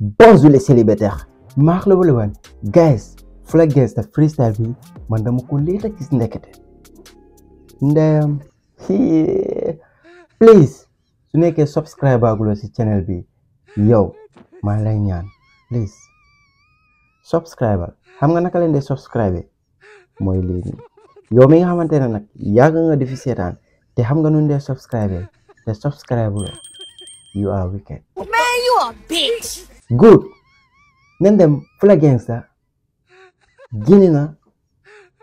bonjour célibataire maax la wala waan guys Fla Guys ta freestyle bi man dama ko léet a gis ndekete ndeyam please su nekkee subscribe aguloo si channel bi yow maa lay ñaan please subscribe xam nga naka leen dee subscribe mooy lii nii yow mi nga xamante ne nag yàgg nga defi fi seetaan te xam nga nun dee subscribe te subscribe you are wicked good nen dem fula gangsta génne na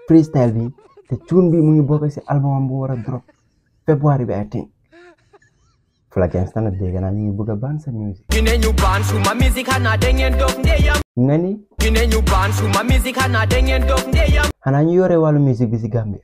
freestyle bi te tune bi mu ngi bokk si album bu war a drop february bi I think fula gangsta na dégg naa ñu ngi bëgg a ban sa music nga ni xanaa ñu yore wàllu musique bi si Gambia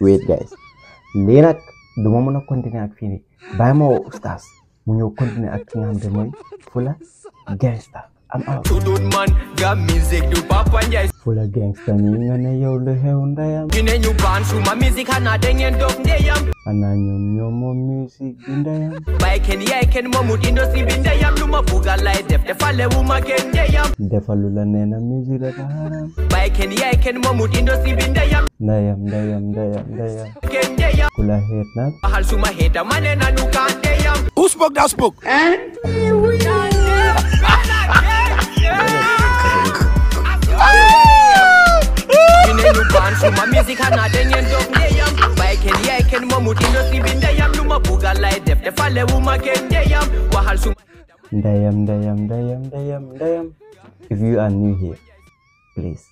wait guys lenak nag duma mën continuer ak fini nii bàyyi ma oustaz mu ñëw continuer ak ki nga xam ne mooy Fula Gangster am am. full of gangster ningana yolo heunda yam nginenyubantu mamizik anadenge ndoknde yam ananyomnyomo music binda yam baiken yaiken momut indosi binda yam lumabhuka lai def defale wumaken nde yam ndefalula nena music lakaharam baiken yaiken momut indosi binda yam ndayam ndayam ndayam ndayam ken nde yam kula hetna bahal suma heta manena Who spoke? That spoke. eh? Suma music hana denye ndok Luma def Wahal If you are new here, please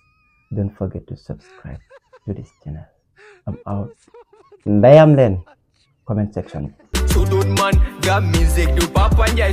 don't forget to subscribe to this channel. I'm out. Dayam then. Comment section. man, music do